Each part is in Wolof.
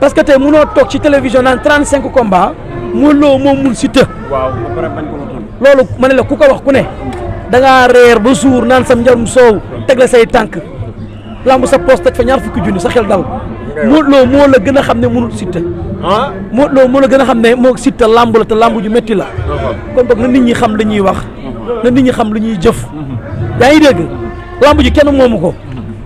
parce que tey mënoo toog ci télévision naan 35 combats Modou Lo moom mun Siteu. waaw ba pare bañ ko loolu ma ne la ku wax ku ne da ngaa reer ba suur naan sam njarum soow teg la say tànk lamb sa poste fa ñaar fukki junni sa xel dal. Modou Lo moo la gën a xam ne mënul Siteu. ah Modou Lo moo la gën a xam ne moo Siteu lamb la te lamb ju metti la. kon boog na nit ñi xam li ñuy wax. Mhm. na nit ñi xam li ñuy jëf. Mhm. yaa ngi dégg lamb ji kenn moomu ko.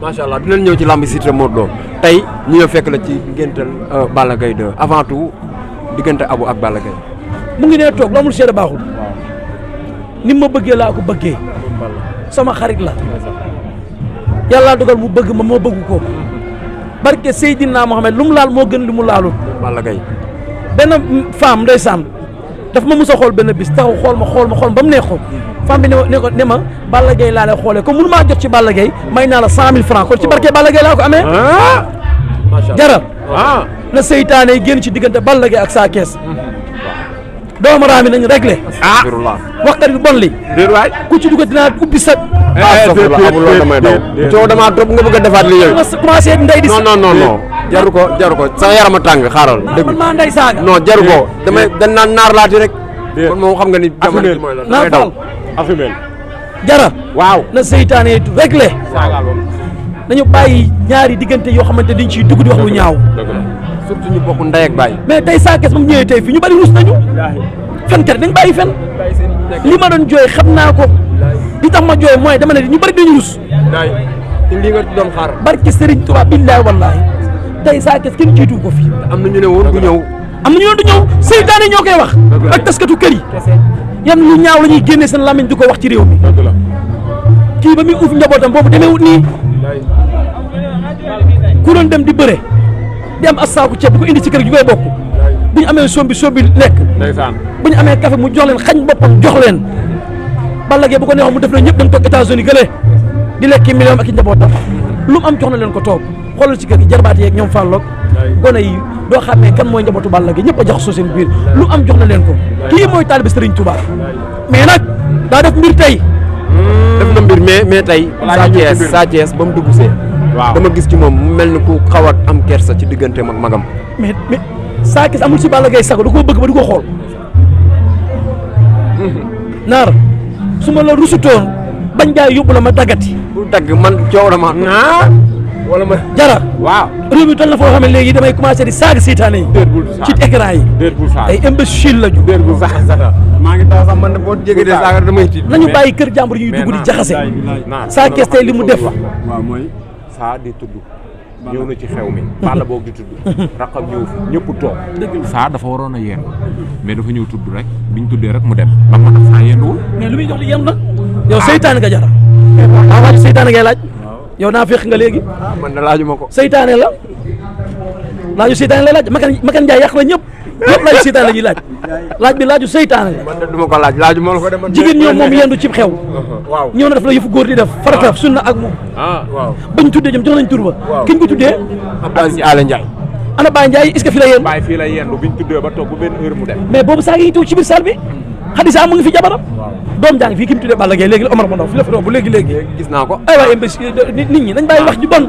Mhm. allah dinañ ñëw ci lamb Siteu Modou Lo tey ñu fekk la ci diggantal euh, Balla Gaye avant tout diggante abu ak Balla mu ngi nee toog lu amul seede baaxul ni ma bëggee laa ko bëggee sama xarit la yàlla dogal mu bëgg ma ma bëgg ko barke Seydina Mohamed lu mu laal moo gën li mu laalul Balla Gaye benn femme ndeysaan daf ma mës a xool benn bis tax xool ma xool ma xool ba mu neexoon femme bi ne ko ne ma Balla Gaye laa lay xoolee ko mënu maa jot ci Balla Gaye may naa la cent mille francs kon ci barke Balla Gaye laa ko amee jara na seytaane génn ci diggante Balla Gaye ak Sa Thiès doomu raam yi nañ réglé ah waxkat bi bon li ku ci dugg dinaa ubbi sa ah soxla amul loolu damay daw coow damaa topp nga bëgg a defaat li yooyu commencé ndey di non non non jaru ko jaru ko sax yarama tàng xaaral. dëgg maa ndey saaga. non jaru damay dañ naan naar laati rek. kon xam nga ni jamono ji mooy la damay daw afumel jara waaw na seytaane réglé nañu bàyyi ñaari diggante yoo xamante dañ ciy dugg di wax lu ñaaw surtout ñu bokk ndey ak bàyyi mais tey saa kees moom ñëwee tey fii ñu bari rus nañu fen kat dañ bàyyi fen li ma doon jooy xam naa ko li tax ma jooy mooy dama ne ñu bari dañu rus li nga doon xaar barke Serigne Touba billahi wallahi tey Sa Thiès kenn jiitu ko fi. am na ñu ne woon du ñëw. am na ñu ne du ñëw seytaane ñoo koy wax. ak taskatu kër yi. yan lu ñaaw la ñuy génnee seen làmmiñ di ko wax ci réew mi. kii ba muy uuf njabootam boobu demee wut nii ku doon dem di bëre di am asaaku ceeb bu ko indi ci kër gi ñu koy bokk bu ñu amee sombi sombi lekk. ndeysaan bu ñu amee café mu jox xañ boppam jox leen. Balla Gaye bu ko neexoon mu def na ñëpp dañ toog États-Unis gële di lekki million ak i njabootam lu am jox na leen ko toog. xoolal ci kër gi yi ak ñom fallok gone yi do xamé kan moy njabotu Balla gi ñëpp jox so seen biir lu am jox na leen ko ki moy talib Serigne Touba mais nak da def mbir tay hmm. def na mbir mais mais tay Sa jess Sa jess bam mu dama gis ci mom mu mel ku xawat am kersa ci digënté mak magam mais mais Sa Thiès amul ci Balla gay sago du ko bëgg ba du ko xol hmm. nar suma la rusuton bañ jaay yóbbu ma dagati bu dag man coow dama wala ma jara waaw réew toll na foo xam ne léegi damay commencé di saaga seytaane yi ci écran yi ay imbécile la ñu maa ngi tax sax man boo jégee saaga damay tiit nañu bàyyi kër jàmbur ñuy dugg di jaxase saa kees tey li mu def waaw mooy saa di tudd ñëw na ci xew mi balla boog di tudd raqam ñëw ñëpp toog saa dafa waroon a yenn mais dafa ñëw tudd rek biñ tuddee rek mu dem ba ma tax saa yenn wul mais lu muy jox di yenn ah. yow seytaane nga jara aa ngay laaj yow naa fex nga léegi. ah man de laajuma ko. seytaane la laaju seytaane la laaj Makan Makan Ndiaye yàq na ñëpp ñëpp laaju la ñuy laaj laaj bi laaju seytaane la. man de du ma ko laaj laajuma la ko de man. jigéen ñoom moom yendu cib xew. Uh-huh. waaw ñëw na daf la yëfu góor di def. farata sunna ak moom. Ah. waaw bañ tuddee jëm jox nañ tur ba. waaw ki ñu ko tuddee. Abdoulaye Alé Ndiaye. ana Baye Ndiaye est-ce que fii la yendu. Baye tuddee ba toog bu benn heure mu dem. mais boobu saa ngi toog ci biir salle bi hadisa amu ngi fi jabaram dom jang fi kim tude mu tuddee Balla Omar mo ndaw fi la fi romb legui léegi gis naa ko ay wa imbécile nit ñi dañ bay wax ju bon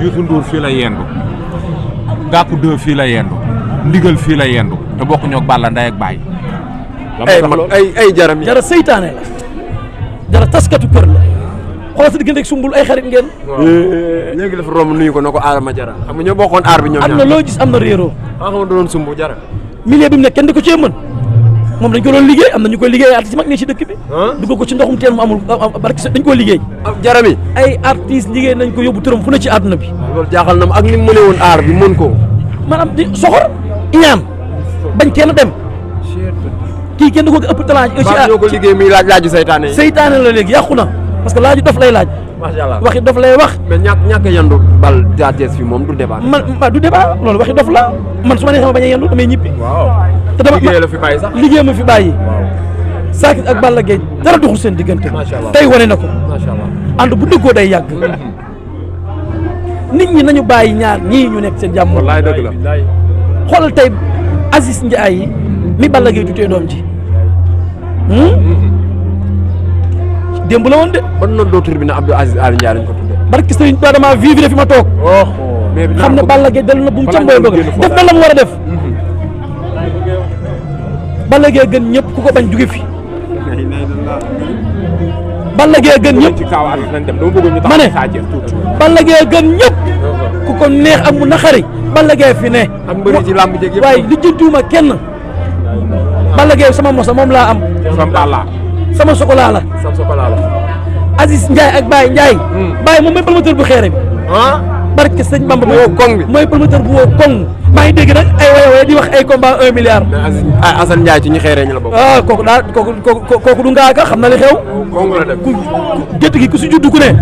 Youssou dur fi la yendu gaku 2 fi la yendu ndigal fi la yendu te bokku ñok Balla nday ak bay ay ay jaram jara seytane la jara taskatu kër la xolasi sa diggante ak sumbul ay xarit ngeen legui la fi romb nuyu ko nako ko aarama jara xam nga ñoo bokkon ar bi ñoom am na gis amna rero xam nga doon sumbu jara milier bi mu nekk kenn di ko moom dañ ko doon liggéey am na ñu koy liggéey artiste mag ne ci dëkk bi dugal ko ci ndoxum teen mu amul barki dañ koo liggéey ay artiste liggéey nañ ko yóbbu tëram fu ne ci àdduna bi loolu na ma ak ni mu mënee woon aar bi mën ko maanaam di soxor iñaan bañ kenn dem kii kenn du ko ëpp talent ci aar ñoo ko liggéey muy laaj laaju saytaane yi saytaane la léegi yàqu na parce que laaju daf lay laaj macha allah waxi dof lay wax. mais bal Sathiès fi moom du débat. man du débat loolu waxi dof la man su ma sama bañ a yendu damay ñibbi. waaw te dama la fi bàyyi sax liggéey ma fi bàyyi. Sathiès ak Balla Gaye dara doxul seen diggante. macha allah tey wane na ko. macha allah ànd bu dëggoo day yàgg. Mm-hmm. nit ñi nañu bàyyi ñaar ñii ñu nekk seen jàmm. la Aziz Ndiaye mi ji. Hmm? Mm-hmm démb belum woon de ban noonu doo tur bi na Abdou Aziz Aly Ndiaye lañ ko tuddee barki sëriñ Tuubaa dama vivre fi ma toog oh. xam ne Balla Gaye dellu na bu mu ca mbooy bëgg def na Bal lagi war a def mhm. Balla Bal gën ñëpp ku ko bañ jóge fi Balla Gaye gën ne Balla Gaye gën mhm. ku ko neex naxari Balla fi ne waaye li jëntuuma kenn Balla sama mosa moom am sama sokolaa la. sama sokolaa la. Aziz Ndiaye ak Baye Ndiaye. Hmm. Baye moom mooy promoteur bu xeere bi. ah barke sëñ Bamba. woo koŋ bi mooy promoteur bu woo koŋ. maa dégg nag ay waay waay di wax ay combat un milliard. ah Assane ci ñi xeeree ñu la bokk. ah kooku daal kooku kooku gi ku si judd ku ne.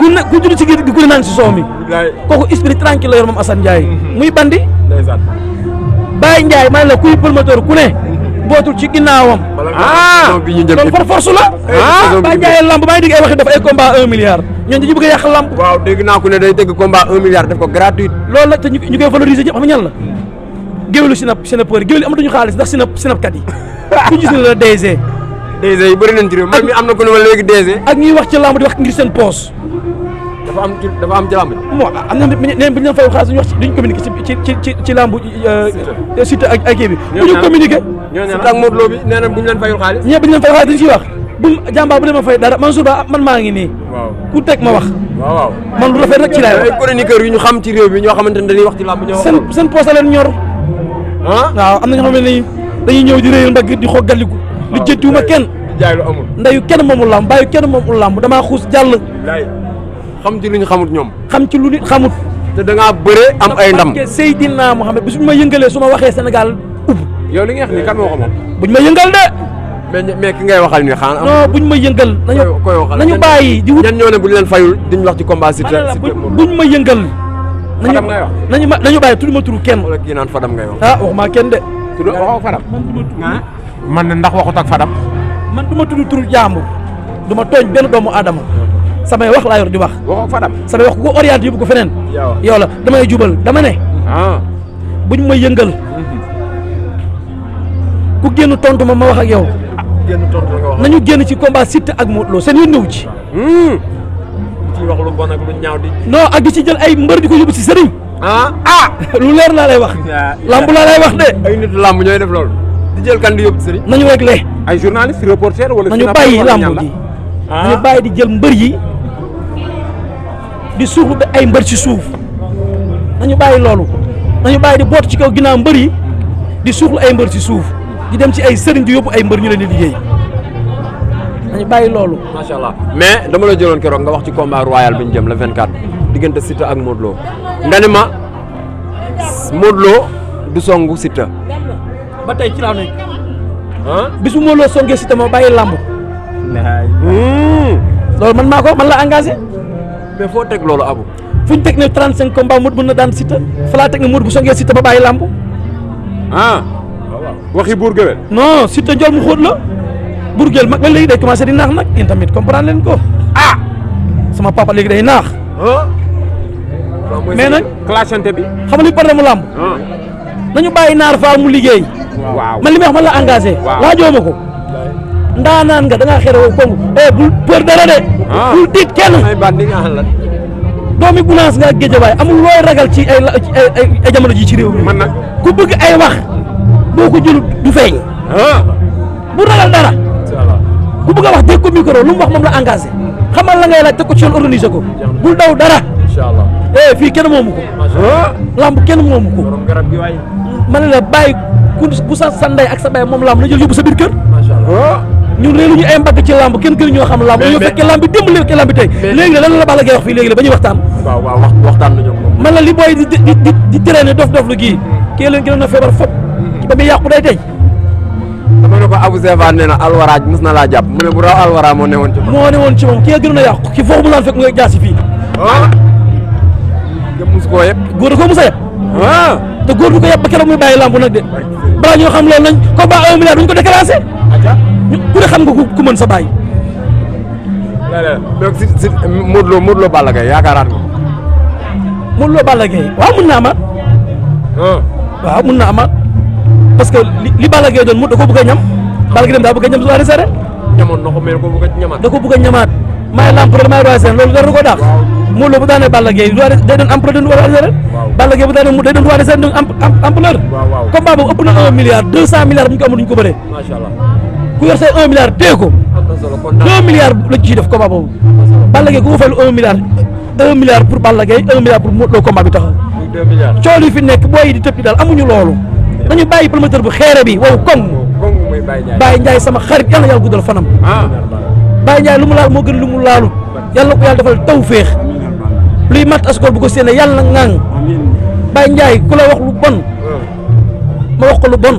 ku ne ku judd si gerte gi ku ne naan si mhm. muy bandi. ndeysaan Baye Ndiaye la kuy promoteur ku ne. bootul ci ginnaawam. ah loolu par force la. Eh, ah baa jaayee lamb baa ngi dégg dafa ay combat milliard ñooñu dañu bëgg a yàq lamb. waaw dégg naa ku ne day dégg combat 1 milliard def ko gratuit. loolu la te ñu ñu koy valoriser ñëpp xam nga ñan la géwélu sinap sinapeur yi géwélu amatuñu xaalis ndax sinap sinapkat yi ku gis ne la DG. yi bëri nañ ci am na ku ne ma léegi DG. ak ñuy wax ci lamb di wax ngir seen poos dafa am dafa am ci lamb am na ñeen bu ñu leen ñu wax duñ communiqué ci ci ci ci lamb Siteu ak ak bi bu ñu communiqué Siteu ak Lo bi nee na bu fayul xaalis ñeen bu ñu leen fayul xaalis dañ wax bu jàmbaar bu dama fay dara Mansour Ba man ngi ku ma wax waaw man lu rafet rek ci ay chroniqueur yu ñu xam ci dañuy wax ci lamb ñor ah waaw am na ñoo xam dañuy ñëw di réyal mbagg di xoggaliku li jëttiwuma kenn ndayu kenn moomul lamb bàyyu kenn moomul lamb xam ci luñu xamut ñom xam ci luñu xamut te da nga bëre am ay ndam Seydina Mohamed bis bu ma yëngalee su ma Sénégal ub yow li nga xam ni kan moo ko moom buñ ma yëngal dé mais mais ki ngay waxal ni xaan am non buñ ma yëngal nañu koy waxal nañu bayyi di wut ñan ñone ne buñ leen fayul diñ wax ci combat ci buñ ma yëngal nañu nañu nañu bàyyi tudduma turu kenn wala ki naan fadam ngay wax ah waxuma kenn de tudd waxoo fadam man tudd ah? man ndax waxut ak fadam man duma tuddu turu jaamu duma togn ben doomu adama sama wax la yor di wax. waxoo Fadam sama wax ko orienté yóbbu ko fenen yow iya, ya la damay jubal dama ne. buñ ma yeungal mhm. ku gennu tontu ma ma wax ak yow. Ah, gennu tontu nga wax nañu genn ci combat site ak modlo sen seen yoon ci hmm ci wax lu bon ak lu ñaaw di. non ak di ci jël ay mbeur di ko yóbbu ci serigne ah ah lu leer la lay wax. Ya, ya. lamb la lay wax de. ay nit lamb ñoy def lool di jël kan di ci serigne nañu réglé. ay journaliste reporter wala. nañu bayyi lamb gi ñu bayyi di jël mbeur yi di suuxlu be ay mbeur ci suuf nañu bayyi lolu nañu bayyi di bot ci kaw ginnaaw mbeuri di suuxlu ay mbeur ci suuf di dem ci ay serigne di yobbu ay mbeur ñu leen di liggey nañu bàyyi loolu. macha allah mais dama la jëlone keroog nga wax ci combat royal biñu ñu jëm le 24 digënté Siteu ak modlo Lo ma modlo du songu Siteu. ba tay ci laa nekk. bisu modlo songé songee Siteu ma bàyyi làmb. Hmm. loolu man mako man la engager mais fo tek lolu abu fuñ tek ne 35 combat mud mën na daan Siteu fa laa teg ne mud bu songé Siteu ba bàyyi lamb ah waxi buur non Siteu ndol mu xóot la buur mak lay day commencé di nax nak en tamit comprendre len ko ah sama papa legui day naax oh! mais nag clashante bi xam nga li problème lamb làmb ah. nañu bàyyi nar fa mu liggéey waaw man limay wax man la engagé waajooma ko ndaanaan ga da ngaa xerew ak eh bul peur dara de bul ah. dit kenn ay bandi nga xalat domi gunaas nga bay gitu, amul loy ragal ci ay ay jamono ji ci rew man nak ku bëgg ay wax boo jël du feñ bu ragal dara ku bëgg wax dekk micro lu wax mom la engagé xamal ya. la ngay la teg ci organiser ko bu daw dara inshallah eh fi kenn moomu ko ah. lamb kenn moomu ko ma ne la bay ku bu sa sanday ak sa bay mom lamb la jël yóbbu sa bir kër ñun réew ñu impacté ci lamb kenn gën ñoo xam lamb ñoo fekkee lamb bi démb léegi fekkee lamb bi tey léegi la lan la Balla wax fii léegi la ba waxtaan waaw waaw waxtaan nañu man la li boy di di di, di dof dof lu gii kee leen gënoon a feebar fop mm-hmm. ba muy yàqu day tey dama ko Abou Sefa nee na alwaraaj mos na laa bu raw alwara moo newoon ci moom moo ci moom kee gënoon a yàqu ki foofu mu laan nga jaasi fii nga ah. mus koo yëpp góor da koo mus a ah. te góor du ko yëpp ba muy bàyyi lamb nag de balaa ñoo xam loolu nañ combat un milliard duñ ko déclassé ku ne xam nga ku mën sa bàyyi. donc si si Modou Lo Modou Lo Balla Gaye yaakaaraat nga. Modou Lo Balla mulu, waaw mun naa amaat. parce que li li Balla mu da ko bëgg ñam. Balla dem daa bëgg ñam su ko arrêté. ñamoon na ko bëgg a da ko bëgg a ñamaat maay l'empereur maay roi seen ko daax. Modou Lo bu daanee Balla day don bu mu day don don na 1 milliard 200 milliards ko amul ñu ko allah ku say 1 milliard téye ko. 2 milliards la ciy def combat boobu. Balla Gaye ku ko fayal 1 milliard 1 milliard pour Balla Gaye 1 milliard pour Modou Lo combat bi taxaw. 2 milliards coono yi fi nekk booy di tëb dal, daal amuñu loolu. nañu bàyyi promoteur bu xeere bi wow kong, kong mooy Baye Ndiaye sama xarit yàlla yàlla guddal fanam. Ah. Baye Ndiaye lu mu laal moo gën lu mu laalut. yàlla ko yàlla defal taw féex. luy mat asgor bu ko séenee yàlla ŋaang. Baye Ndiaye ku wax lu bon. Ah. ma wax ko lu bon.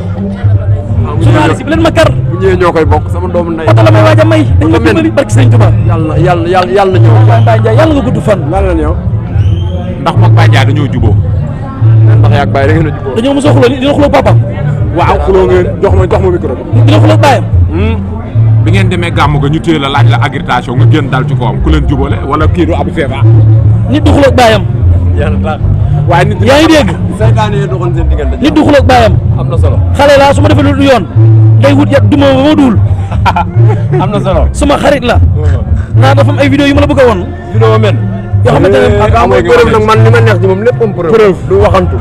si bu leen ma kar bu sama doomu ndey oto la may waaj may dañ ma dimbali barki sëñ Tuba yàlla yàlla yàlla yàlla ñëw Baye Ndiaye yàlla nga gudd fan lan la ñëw ndax moog Baye Ndiaye dañoo ndax yaag Baye da ngeen a juboo dañoo mosoo xuloo dina waaw xuloo ngeen jox ma jox ma micro bi hmm? ngeen ga ñu la laaj la agitation nga dal ci kawam ku leen jubale wala kii du abu feefa nit du xuloo baayam yàlla tax waaye nit yaa ngi dégg yi doxoon seen diggante nit du xuloo baayam am solo xale lu yoon day wut yàgg duma ma dul. suma xarit la. naa dafa ay vidéo yu ma la bëgg a won. yoo xamante ne eh, ak amul ma neex ci moom lépp am preuve. preuve du waxantu.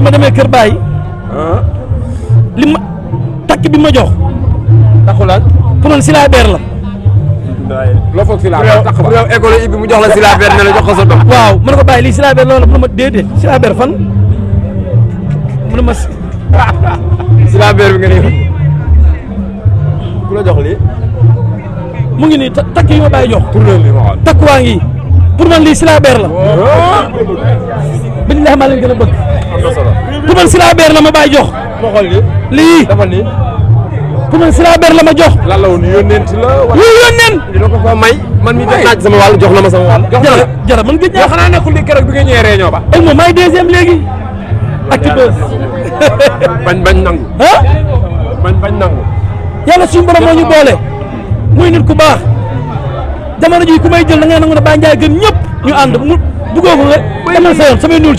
ma demee Kër Baye. Ah. ma takk bi ma jox. taxulaat pour man si laa la. loo foog si laa beer bi mu jox la si laa ne la jox ko sa doom. waaw mën ko bàyyi lii si laa beer loola mën na ma déedéet si laa beer fan mën na ma. si laa bi nga nii ku la jox lii. mu ngi nii takk yi ma bàyyi jox. pour leen lii ma xool takkuwaa ngi pour man lii si laa beer la. biñ la xam oh! leen gën na man si laa la ma bàyyi jox. ma xool lii lii dafa nii. man si laa la ma jox. lan la woon yónneent la. wala man mi def naaj sama jox la ma jox na jara man gëj naa xanaa nekkul ni keroog bi nga ñëwee réunion ba. ak moom maay deuxième léegi. ak ci bañ bañ nangu. ah bañ bañ nangu. yàlla suñu borom moo ñu boole. muy nit ku baax. jamono ji ku may jël da ngay nangu ne Baye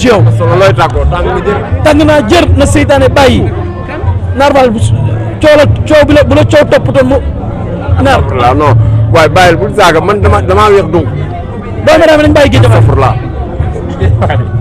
Ndiaye gën solo looy tàggoo tàng nga jër. tàng naa jër na seytaane bàyyi. naar wal bu coow la coow bi la bu la coow toppatoon mu naar. waaw non waaye bàyyil bul saaga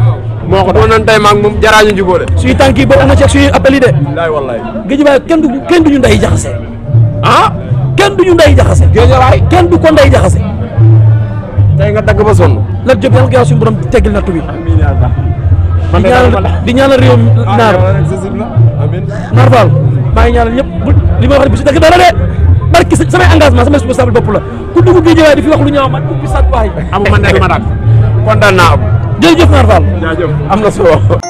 mau ko nanti nan tey maag moom jaraañu jubóo de suñu tànk yi bokk na ci ak suñu appel yi de wallaay wallaay du duñu nday jaxase ah kenn duñu nday jaxase géejawaay kenn du ko nday jaxase tey nga dagg ba sonn lag jëp yàlla gaaw suñu borom teggil nattu bi di ñaanal di ñaanal réew naar naar faal maa ngi ñaanal ñëpp li may wax bu si dagg dara de barki samay engagement samay responsable la ku di fi wax lu ñaaw man ubbi sat waay man jërëjëf Naar Fall. jaajëf am na solo.